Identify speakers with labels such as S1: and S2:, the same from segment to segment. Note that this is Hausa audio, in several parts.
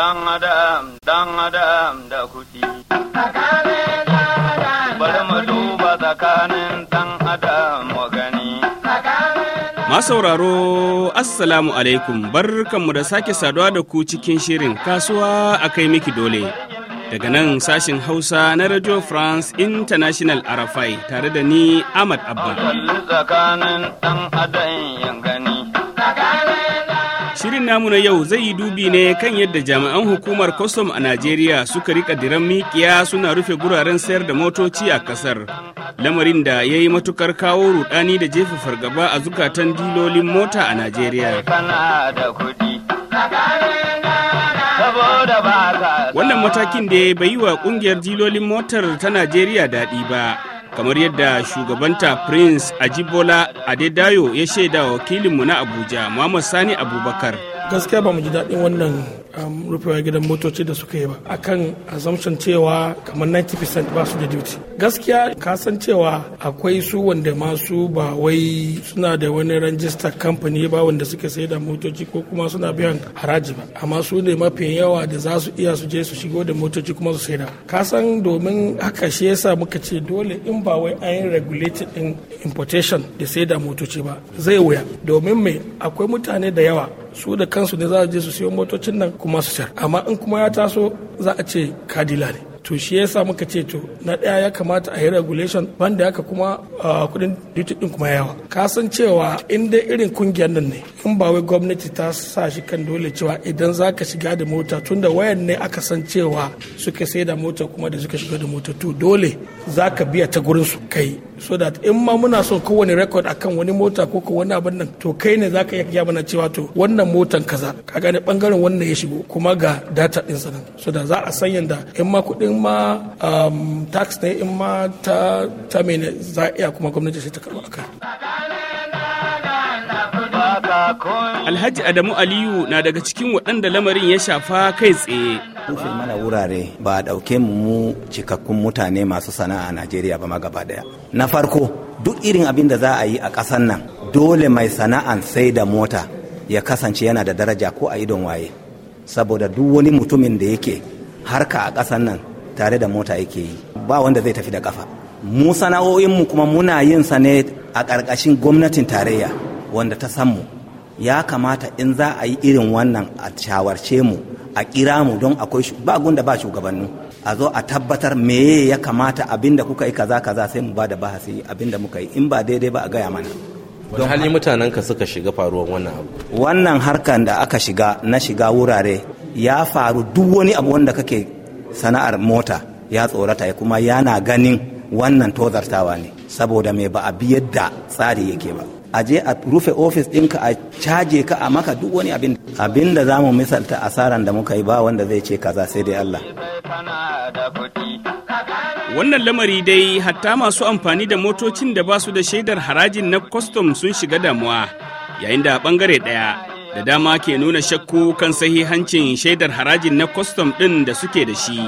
S1: dan adam dan adam da kuɗi. Bari mu duba tsakanin dan adam mu gani.
S2: Masauraro Assalamu alaikum barkanmu da sake saduwa da ku cikin shirin kasuwa a kai miki dole. Daga nan sashin Hausa na Radio France International Arafai tare da ni Ahmad Abba.
S1: tsakanin
S2: adam Shirin namu na yau zai yi dubi ne kan yadda jami'an hukumar kwastam a Najeriya suka rika diran miƙiya suna rufe guraren sayar da motoci a kasar. Lamarin da ya yi matukar kawo rudani da jefa fargaba a zukatan dilolin mota a Najeriya. Wannan matakin da bai yi wa ƙungiyar dilolin motar ta Najeriya daɗi ba. kamar yadda shugabanta prince ajibola adedayo ya shaida wakilinmu na abuja muhammad sani abubakar
S3: gaskiya ba mu ji daɗin wannan um, rufewa gidan motoci da suka yi ba akan assumption cewa kamar 90% ba su da duty gaskiya ka san cewa akwai su wanda masu ba wai suna da wani rajistar kamfani ba wanda suke sai da motoci ko kuma suna biyan haraji ba amma su ne mafi yawa da za su iya su je su shigo da motoci kuma su sai da ka san domin haka shi yasa muka ce dole in ba wai an yi regulated din importation da sai da motoci ba zai wuya domin me akwai mutane da yawa su da kansu ne za su je su siyo motocin nan kuma su sayar amma in kuma ya taso za a ce kadila ne to shi yasa muka ce to na ɗaya ya kamata a yi regulation banda haka kuma kudin duty din kuma yawa ka san cewa in dai irin kungiyar nan ne in ba wai gwamnati ta sa shi kan dole cewa idan za ka shiga da mota tunda wayan ne aka san cewa suka sai da mota kuma da suka shiga da mota to dole za ka biya ta gurin su kai so that in ma muna son kowane record akan wani mota ko ko wani abin nan to kai ne zaka iya gaya mana cewa to wannan motan kaza ka gane bangaren wannan ya shigo kuma ga data din sanan so da za a san yanda in ma kudin ma um, tax ne in ma ta ta mene za a iya kuma gwamnati sai ta karba akai
S2: Alhaji Adamu Aliyu na daga cikin waɗanda lamarin ya shafa
S1: kai tsaye. Rufe mana wurare ba a ɗauke mu cikakkun mutane masu sana'a a Najeriya ba ma gaba ɗaya. Na farko duk irin abin da za a yi a ƙasar nan dole mai sana'an sai da mota ya kasance yana da daraja ko a idon waye. Saboda duk wani mutumin da yake harka a ƙasar nan tare da mota yake yi ba wanda zai tafi da ƙafa. Mu sana'o'inmu kuma muna yin sa ne a ƙarƙashin gwamnatin tarayya. wanda ta san mu ya kamata in za a yi irin wannan a shawarce mu a kira mu don akwai ba gunda ba shugabannu a zo a tabbatar meye ya kamata abinda kuka yi kaza kaza sai mu ba da bahasi abinda muka yi in ba daidai ba a gaya mana don hali mutanen ka suka shiga faruwan wannan abu wannan harkan da aka shiga na shiga wurare ya faru duk wani abu wanda kake sana'ar mota ya tsorata ya kuma yana ganin wannan tozartawa ne saboda mai ba a bi yadda tsari yake ba a je a rufe ofis ɗinka a caje ka a maka duk wani abin abin da za mu misalta asaran da muka yi ba wanda zai ce kaza sai dai Allah
S2: wannan lamari dai hatta masu amfani da motocin da ba su da shaidar harajin na kwastom sun shiga damuwa yayin da bangare ɗaya da dama ke nuna shakku kan sahihancin shaidar harajin na kwastam ɗin da suke da shi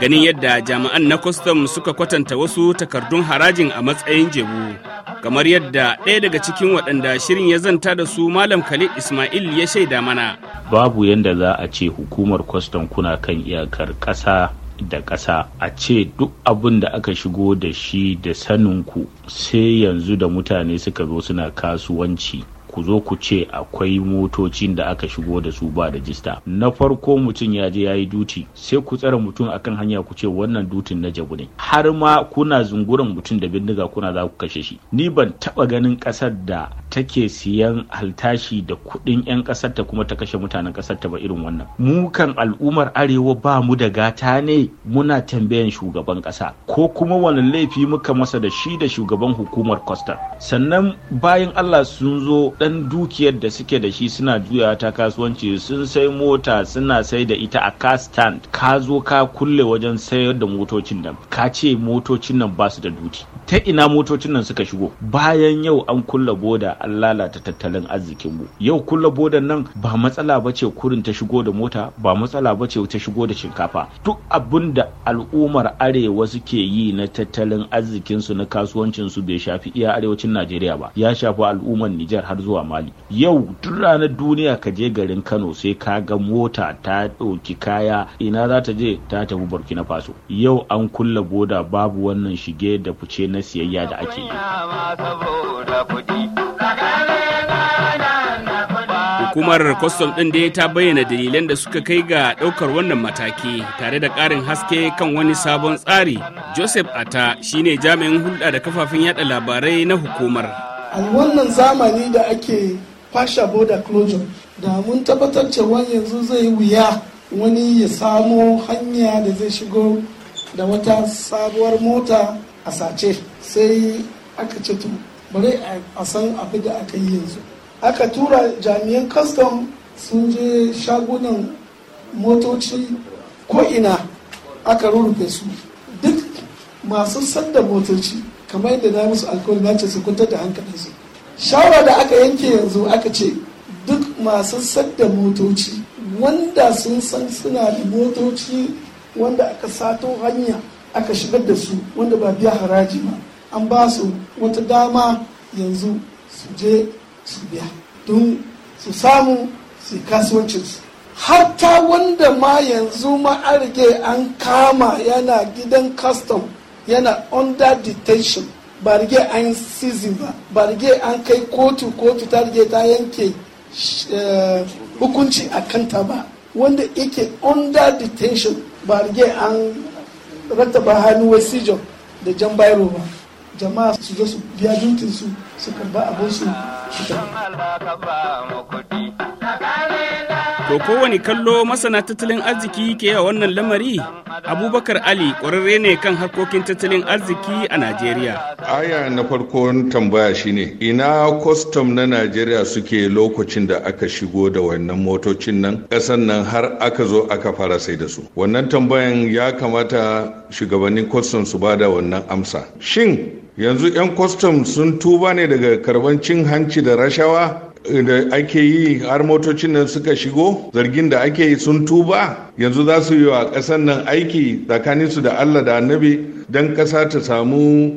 S2: ganin yadda jami'an na kwastam suka kwatanta wasu takardun harajin a matsayin jebu. kamar yadda ɗaya daga cikin waɗanda shirin ya zanta da su malam khalid ismail ya shaida mana
S4: babu yadda za a ce hukumar kwastam kuna kan iyakar ƙasa da ƙasa a ce duk abin da aka shigo da shi da saninku sai yanzu da mutane suka zo suna kasuwanci ku zo ku ce akwai motocin da aka shigo da su ba rajista na farko mutum ya je ya yi duti sai ku tsare mutum akan hanya ku ce wannan dutin na jabu ne har ma kuna zunguran mutum da bindiga kuna za ku kashe shi ni ban taba ganin kasar da take siyan haltashi da kuɗin 'yan ƙasarta kuma ta kashe mutanen ƙasarta ba irin wannan mu kan al'ummar arewa ba mu da gata ne muna tambayan shugaban ƙasa ko kuma wani laifi muka masa da shi da shugaban hukumar costa sannan bayan allah sun zo dan dukiyar da suke da shi suna juya ta kasuwanci sun sai mota suna sai da ita a car stand ka zo ka kulle wajen sayar da motocin nan ka ce motocin nan ba su da duti ta ina motocin nan suka shigo bayan yau an kulle boda an lalata tattalin arzikinmu yau kulla bodan nan ba matsala ba ce kurin ta shigo da mota ba matsala ba ce ta shigo da shinkafa duk abin da al'ummar arewa suke yi na tattalin arzikinsu na kasuwancinsu bai shafi iya arewacin najeriya ba ya shafi al'ummar nijar har zuwa mali yau duk ranar duniya ka je garin kano sai ka ga mota ta ɗauki kaya ina za ta je ta tafi burkina faso yau an kulla boda babu wannan shige
S2: da fice na siyayya
S4: da ake yi
S2: hukumar kwastam ɗin dai ta bayyana dalilan da suka kai ga ɗaukar wannan mataki tare da ƙarin haske kan wani sabon tsari joseph ata shine jami'in hulɗa da kafafen yada labarai na hukumar
S5: a wannan zamani da ake fasha border closure da mun tabbatar cewa yanzu zai wuya wani ya samo hanya da zai shigo da wata sabuwar mota a sace sai aka ce to bari a san abin da aka yi yanzu aka tura jami'an kastam sun je shagunan motoci ko'ina aka rurrufe su duk masu sanda motoci kamar yadda na musu alkawari na ce su kuntar da hankalinsu shawara da aka yanke yanzu aka ce duk masu sadda motoci wanda sun san suna da motoci wanda aka sato hanya aka shigar da su wanda ba biya haraji ma an ba su wata dama yanzu su je su biya don su samu su kasuwancinsu hatta wanda ma yanzu ma an an kama yana gidan custom yana under detention ba rige an season ba ba rige an kai kotu kotu ta rige ta yanke eh, hukunci a kanta ba wanda yake under detention ba rige an rattaba hannu wasijon da jan bayro ba jama'a su zo su biya su su karba abin su
S2: To kowane kallo masana tattalin arziki ke yawa wannan lamari? Abubakar Ali ƙwararre ne kan harkokin tattalin arziki a Najeriya.
S6: Aya na farko tambaya shine ina kwastam na Najeriya suke lokacin da aka shigo da wannan motocin nan ƙasan nan har aka zo aka fara sai da su. Wannan tambayan ya kamata shugabannin kwastam su bada wannan amsa. Shin yanzu 'yan kwastam sun tuba ne daga karban cin hanci da rashawa da ake yi har motocin nan suka shigo zargin da ake yi sun tuba yanzu za su yi wa ƙasar nan aiki tsakanin su da allah da annabi don ƙasa ta samu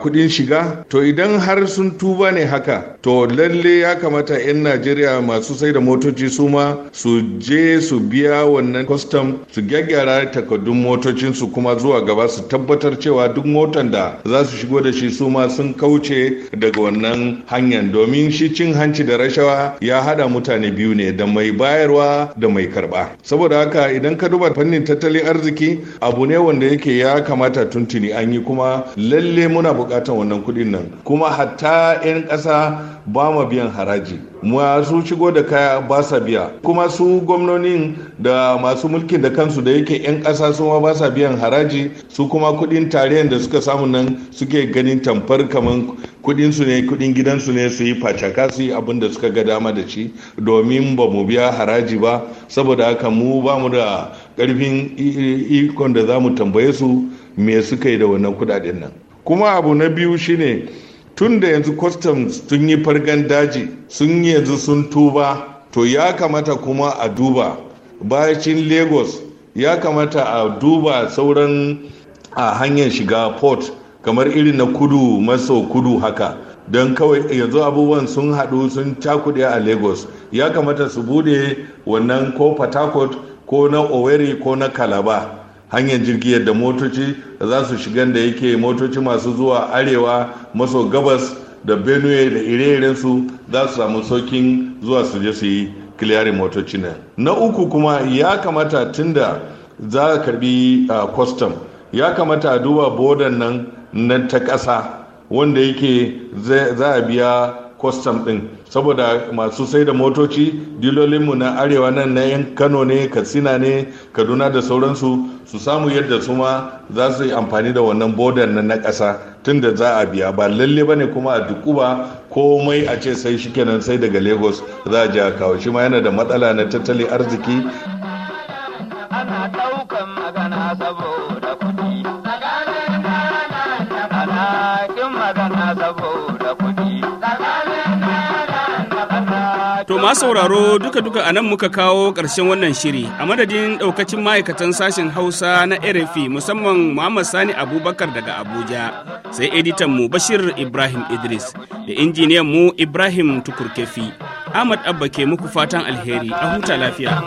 S6: kuɗin shiga to idan har sun tuba ne haka to lalle ya kamata 'yan najeriya masu sai da motoci su ma su je su biya wannan kwastam su gyaggyara takardun motocin su kuma zuwa gaba su tabbatar cewa duk motan da za su shigo da shi su ma sun kauce daga wannan hanyar domin shi cin hanci da rashawa ya hada mutane biyu ne da mai bayarwa da mai karba saboda haka idan ka duba fannin tattalin arziki abu ne wanda yake ya kamata tuntuni an yi kuma lalle muna bukatan wannan kudin nan kuma hatta 'yan ƙasa ba mu biyan haraji masu shigo da kaya ba sa biya kuma su gwamnonin da masu mulkin da kansu da yake 'yan ƙasa su ma ba sa biyan haraji su kuma kuɗin tarihin da suka samu nan suke ganin tamfar kamar kuɗin su ne kuɗin gidansu ne su yi facaka su yi abin da suka ga dama da ci domin ba mu biya haraji ba saboda haka mu ba mu da karfin ikon da za mu tambaye su me suka yi da wannan kudaden nan kuma abu na biyu shine tun da yanzu customs tun yi fargan daji sun yi yanzu sun tuba to ya kamata kuma a duba bacin lagos ya kamata a duba sauran a hanyar shiga port kamar irin na kudu maso kudu haka don kawai yanzu abubuwan sun haɗu sun cakuɗe a lagos ya kamata su bude wannan ko port ko na owerri ko na calabar hanyar jirgi yadda motoci za su shigan da yake motoci masu zuwa arewa maso gabas da benue da ire-irensu za su samu saukin zuwa su je su yi kiliyarin motoci nan na uku kuma ya kamata tunda za a karbi kwastam ya kamata a duba bodan nan na ta ƙasa wanda yake za a biya kwastam din saboda masu sai da motoci dilolinmu na arewa nan na yan kano ne katsina ne kaduna da sauransu su samu yadda su ma za su yi amfani da wannan bodan na na ƙasa tun da za a biya ba lalle ba ne kuma a duku ba komai a ce sai shi kenan sai daga lagos za a je a kawo shi ma yana da matsala na tattalin arziki
S2: sauraro duka-duka a nan muka kawo ƙarshen wannan shiri a madadin ɗaukacin ma'aikatan sashen Hausa na RFI musamman Muhammad Sani Abubakar daga Abuja sai editan mu Bashir Ibrahim Idris da injiniyan mu Ibrahim Tukurkefi. Ahmad Abba ke muku fatan alheri a huta lafiya.